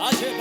아제베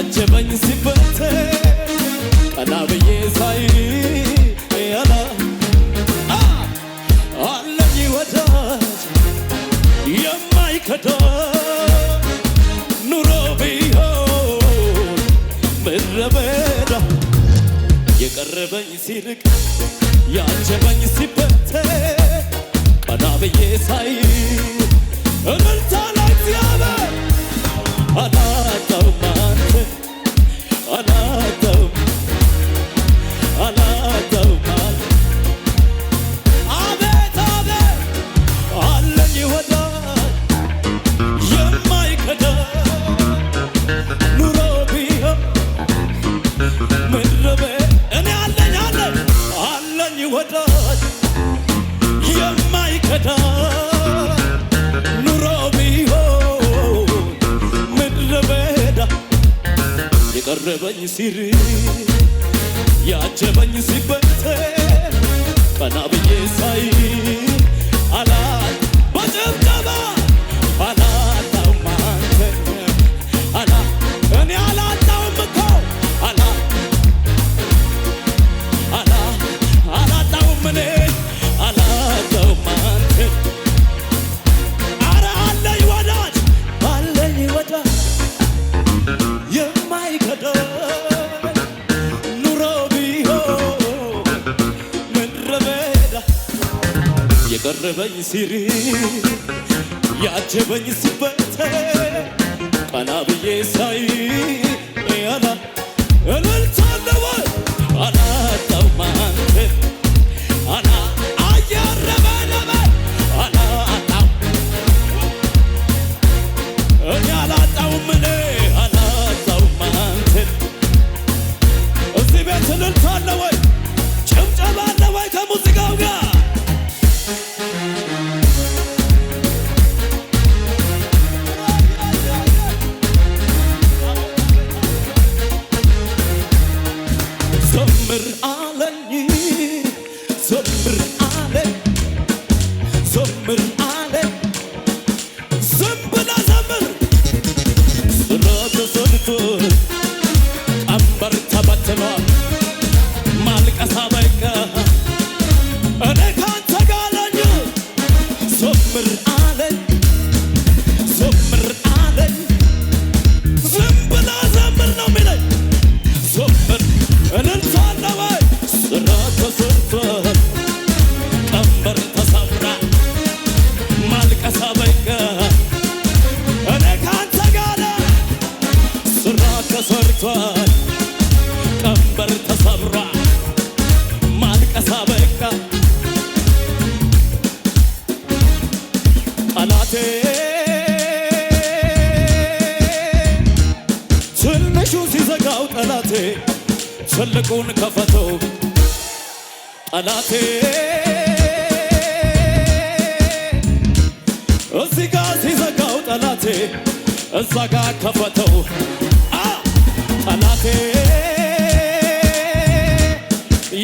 አጀበኝ ሲበተን decir ያጀበኝ ሲሪ ያጀበኝ ሲበተን ቀና ብዬ ሳይ ያላ እልልታለወ አላጣውማንት አላ አያረበለበ አላጣው እኔ አላጣውም እኔ እዚህ ቤት እልልታለወይ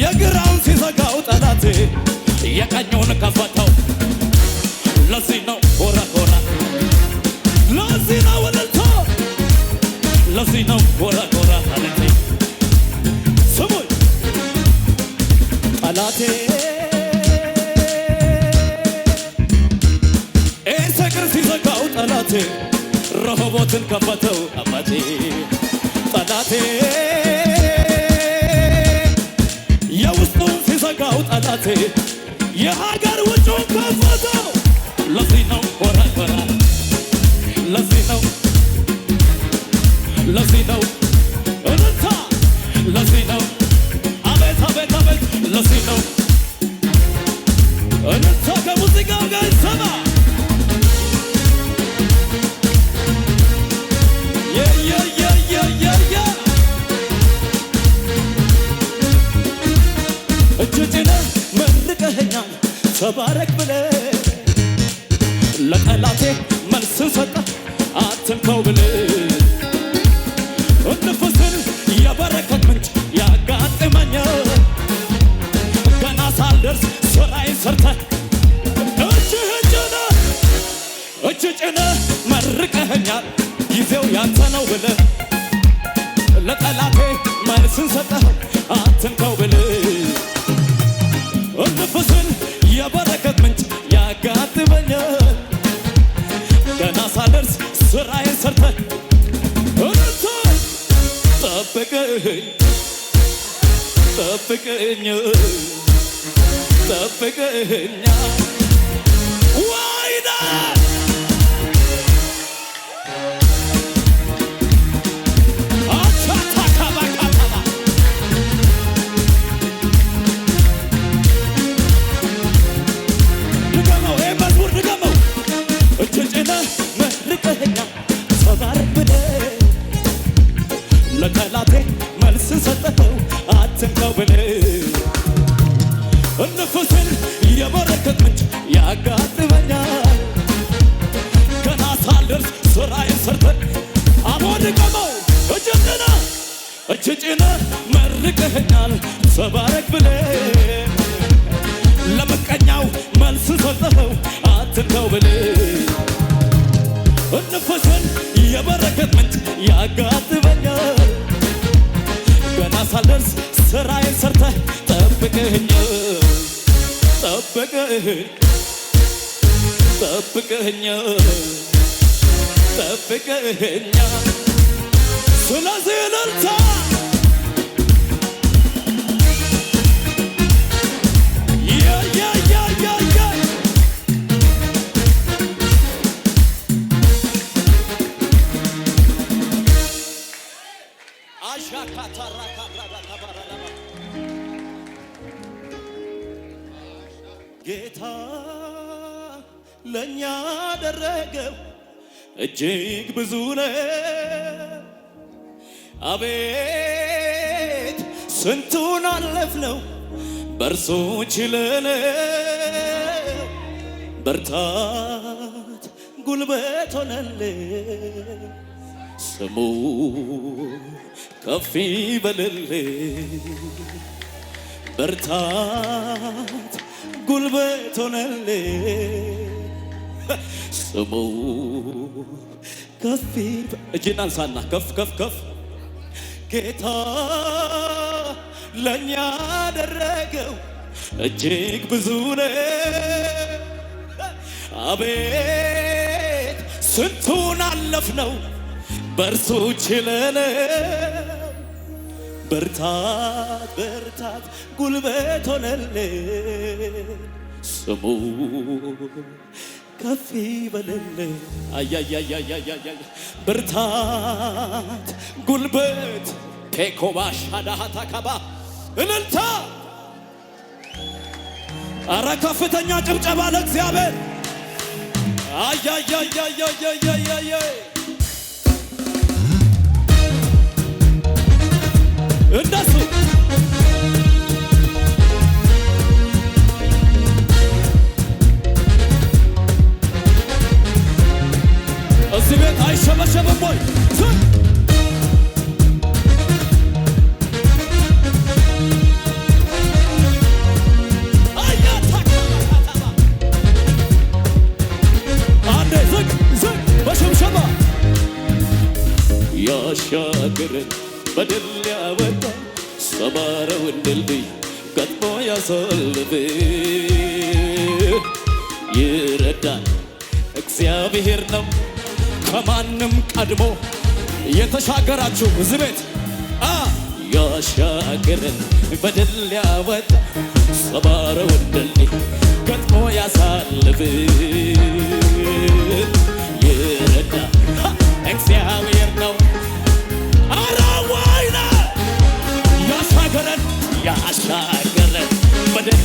የግራውን ሲዘጋው ጠላቴ የቀኙን ከፈተው። ለዚህ ነው ሆራ ሆራ፣ ለዚህ ነው ለዚህ ነው ጠላቴ ኤርሰቅር ሲዘጋው ጠላቴ ረሆቦትን ከፈተው አባቴ ጠላቴ የሚሰጋው ጠላቴ የሀገር ውጩን ከፈቶ ለዚህ ነው ወረበራ ለዚህ ነው ለዚህ ነው የሰጠህ አትንካው ብል እንፍስን የበረከት ምንጭ ያጋጥመኛል ገና ሳደርስ ስራዬን ሰርተህ እረታ ጠብቀኝ ጠብቀኝ ጠብቀኛ ለጠላቴ መልስ ሰጠኸው አትንከው ብለህ እንፍስል የበረከት ምንጭ ያጋጥመኛል ገና ሳልደርስ ስራዬን ሰርተን አሞድቀመው እጅ ጭነህ እጅ ጭነህ መርቀኸኛል ተባረክ ብለህ ለምቀኛው መልስን ሰጠኸው አትንከው ብለህ እንፍስል የበረከት ምንጭ ያጋጥመኛል ሳልደርስ ስራዬን ሰርተህ ጠብቀኝ ጠብቀኝ ጠብቀኝ ስለዚህ እልልታ ያደረገው እጅግ ብዙ ነው። አቤት ስንቱን ነው! በእርሱ ችለን በርታት ጉልበት ሆነልን ስሙ ከፍ ይበልልን በርታት ጉልበት ሆነልን ስሙ ከፍ እጅና አንሳና ከፍ ከፍ ከፍ ጌታ ለእኛ ያደረገው እጅግ ብዙ ነው። አቤት ስንቱን ነው በእርሱ ችለን በርታት ብርታት ጉልበት ሆነልን ስሙ ከፍ በለል ብርታት ጉልበት ቴኮባሻ ዳሃታ ካባ እልልታ አረ ከፍተኛ ጭብጨባ ለእግዚአብሔር እንደስ አይሸበሸብም ወይ? አንዴ ዝቅ ዝቅ በሽብሸባ ያሻገረኝ በድል ያወጣ ይረዳል እግዚአብሔር ነው። ከማንም ቀድሞ የተሻገራችሁ እዚህ ቤት ያሻገረን በድል ያወጣ ሰባረ ድል ገጥሞ ያሳልፍ ይረዳ እግዚአብሔር ነው። አራዋይና ያሻገረን ያሻገረን በድል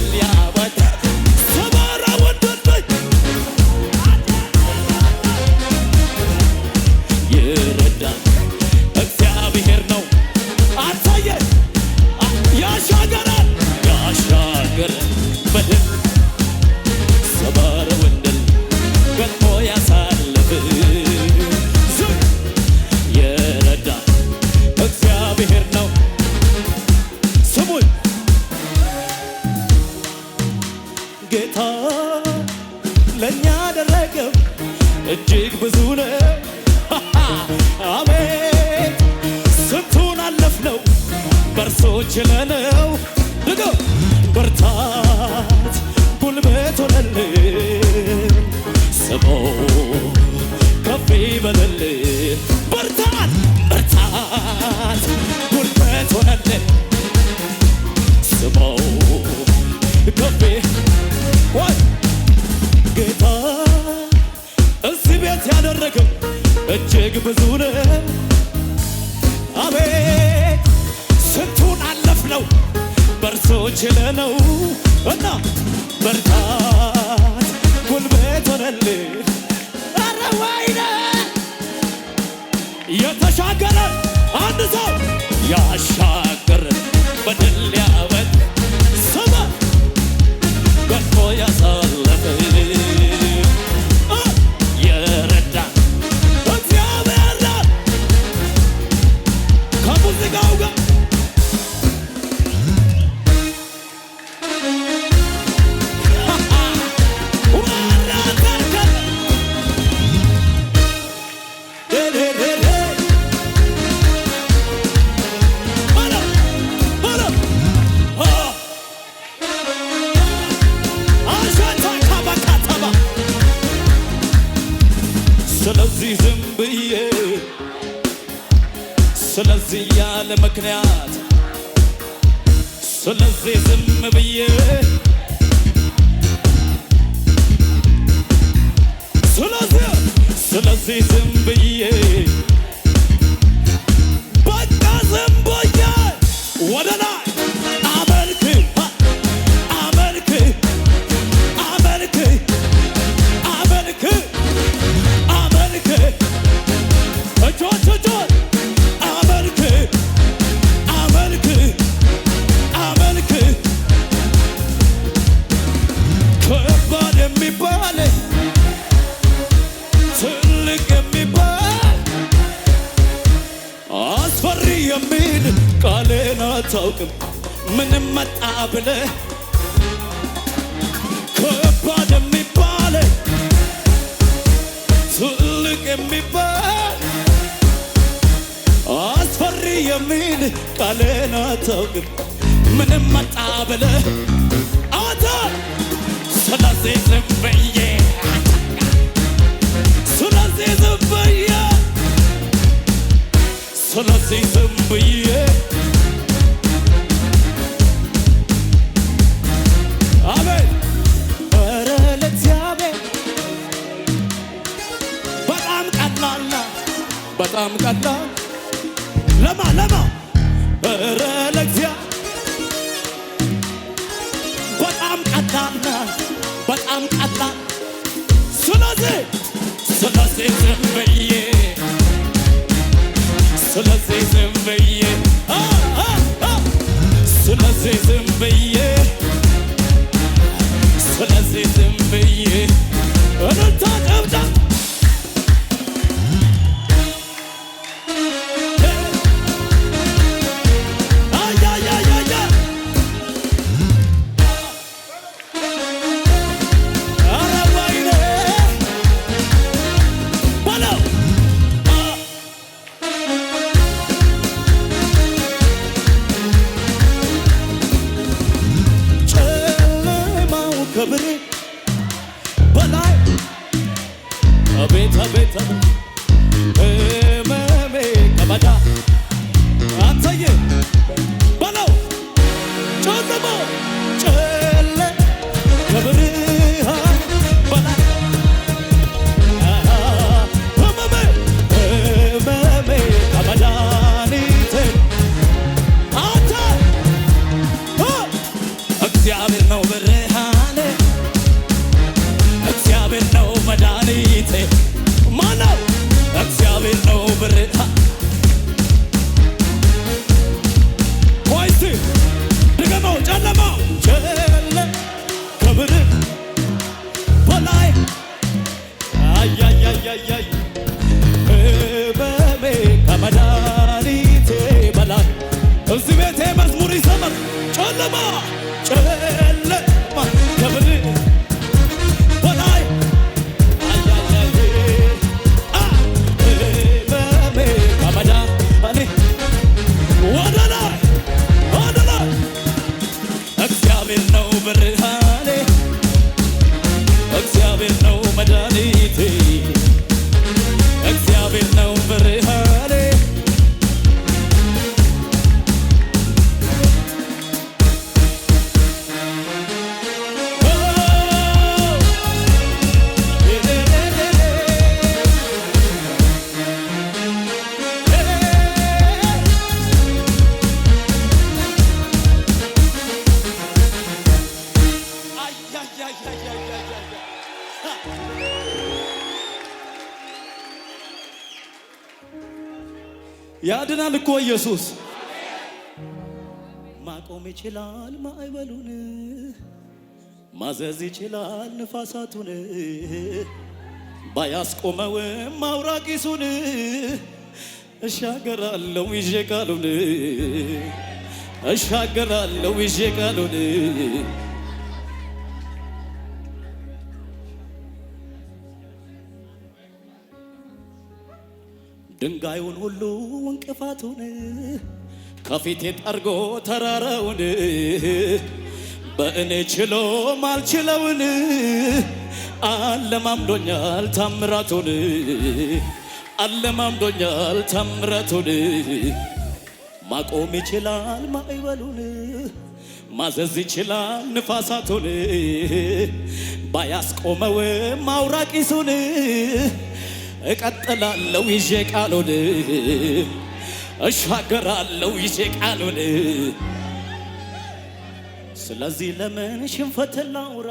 እስቲ ዝም ብዬ አታውቅም ምንም መጣ ብለ አወታ ስለዚህ ዝም ብዬ ስለዚህ ዝም ብዬ ስለዚህ ዝም ብዬ በጣም በጣም ቀላል ለማ ለማ ክብር ለእግዚአብሔር። በጣም ቀላል በጣም ቀላ ስለዚህ ስለዚህ ዝም ብዬ ስለዚህ ዝም ብዬ ስለዚህ ዝም ብዬ ስለዚህ ዝም ብዬ እልልታ ጨብጨብ በላይ አቤት አቤት እመሜ ቀበዳ አንተዬ በለው ጮዘሞ ህመሜ ከመድኃኒቴ በላይ እዚህ ቤቴ መዝሙር ይዘመር ጨለማ ያድናል እኮ ኢየሱስ። ማቆም ይችላል ማዕበሉን፣ ማዘዝ ይችላል ንፋሳቱን፣ ባያስቆመውም አውራቂሱን እሻገራለሁ ይዤ ቃሉን እሻገራለሁ ይዤ ቃሉን ድንጋዩን ሁሉ እንቅፋቱን ከፊቴ ጠርጎ ተራራውን በእኔ ችሎ ማልችለውን አለማምዶኛል ታምራቱን አለማምዶኛል ታምራቱን ማቆም ይችላል ማዕበሉን ማዘዝ ይችላል ንፋሳቱን ባያስቆመው አውራቂሱን እቀጥላለው ይዤ ቃሉን እሻገራለሁ ይዤ ቃሉን። ስለዚህ ለምን ሽንፈት ላውራ?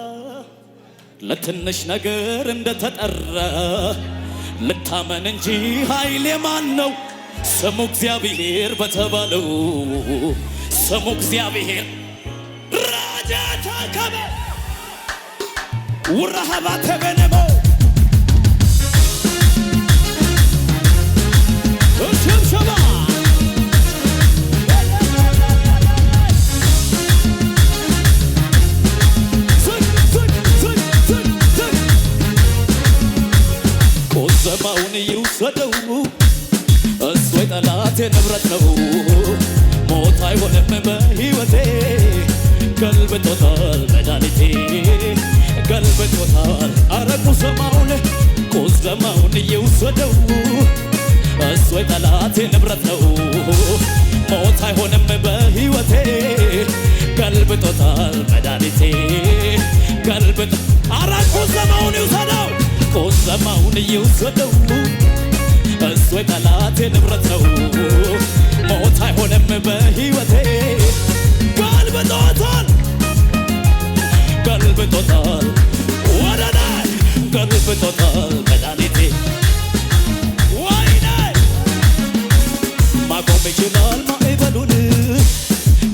ለትንሽ ነገር እንደተጠራ ልታመን እንጂ ኃይሌ ማን ነው? ስሙ እግዚአብሔር በተባለው ስሙ እግዚአብሔር ራጃ ታከበ ውረሃባ ተበነበው ዘማውን ይውሰደው እሱ የጠላቴ ንብረት ነው። ሞት አይሆንም በሕይወቴ ገልብጦታል መድኃኒቴ ገልብጦታል። አረ ቁዘማውን ቁዘማውን እየውሰደው። እሱ የጠላቴ ንብረት ነው። ሞት አይሆንም በሕይወቴ ገልብጦታል መድኃኒቴ ገልብጦ አረ ቁዘማውን ይውሰደው ቁዘማውን ይውሰደው እሱ የጠላቴ ንብረት ነው። ሞት አይሆንም በሕይወቴ ገልብጦታል ገልብጦታል ወደ ላይ ገልብጦታል መድኃኒቴ ይችላል ማዕበሉን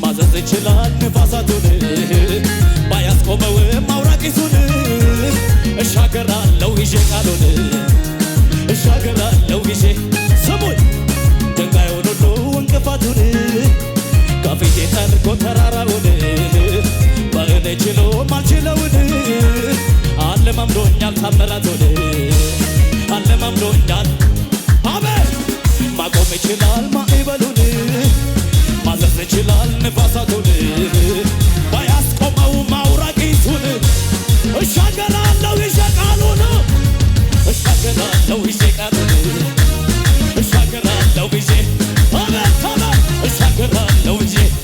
ማዘዝ ይችላል ንፋሳቱን ባያስቆመውም አውራቂቱን እሻገራለው ይዤ ቃሉን እሻገራለው ይዤ ስሙን ድንጋዩን ሁሉ እንቅፋቱን ከፊቴ ጠርጎ ተራራውን በእኔ ችሎ ማልችለውን አለማምዶኛል ታምራቱን አለማምዶኛል አሜን ማቆም ይችላል ማዕበሉን፣ ማዘዝ ይችላል ንፋሳቱን፣ ባያስቆመው ማውራቂቱን እሻገራለው ይዤ ቃሉን እሻገራለው ይዤ ቃሉን እሻገራለው ይዤ ይዤ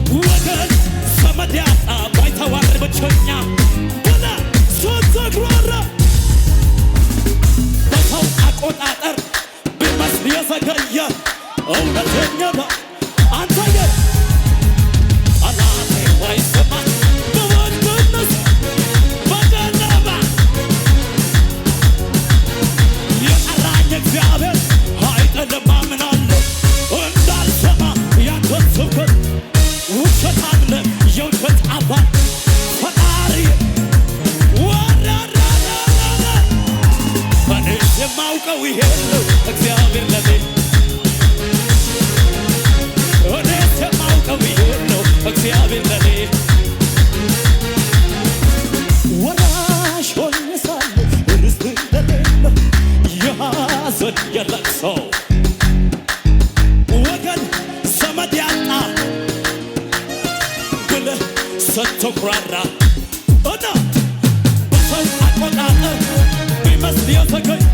ወገን ዘመድ ያጣ ባይተዋር ብቸኛ ወደ ሶስት በሰው አቆጣጠር ቢመስል የዘገየ እውነተኛ አንተ የተኩራራ እና በሰው አቆጣጠር ቢመስል የዘገይ